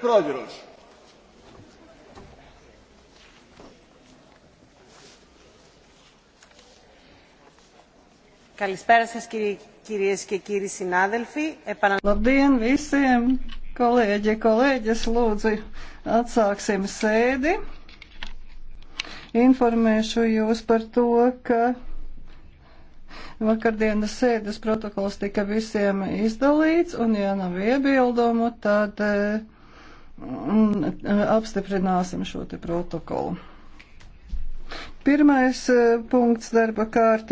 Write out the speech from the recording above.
πρόεδρος. Καλησπέρα σας κύριε, κυρίες και κύριοι συνάδελφοι. Επανα... Labdien visiem, kolēģi, kolēģis, lūdzu, atsāksim sēdi. Informēšu jūs par to, ka Vakardienas sēdes protokols tika visiem izdalīts, un ja nav iebildumu, tad. Eh, un e, apstiprināsim šo te protokolu. Pirmais e, punkts darba kārtībā.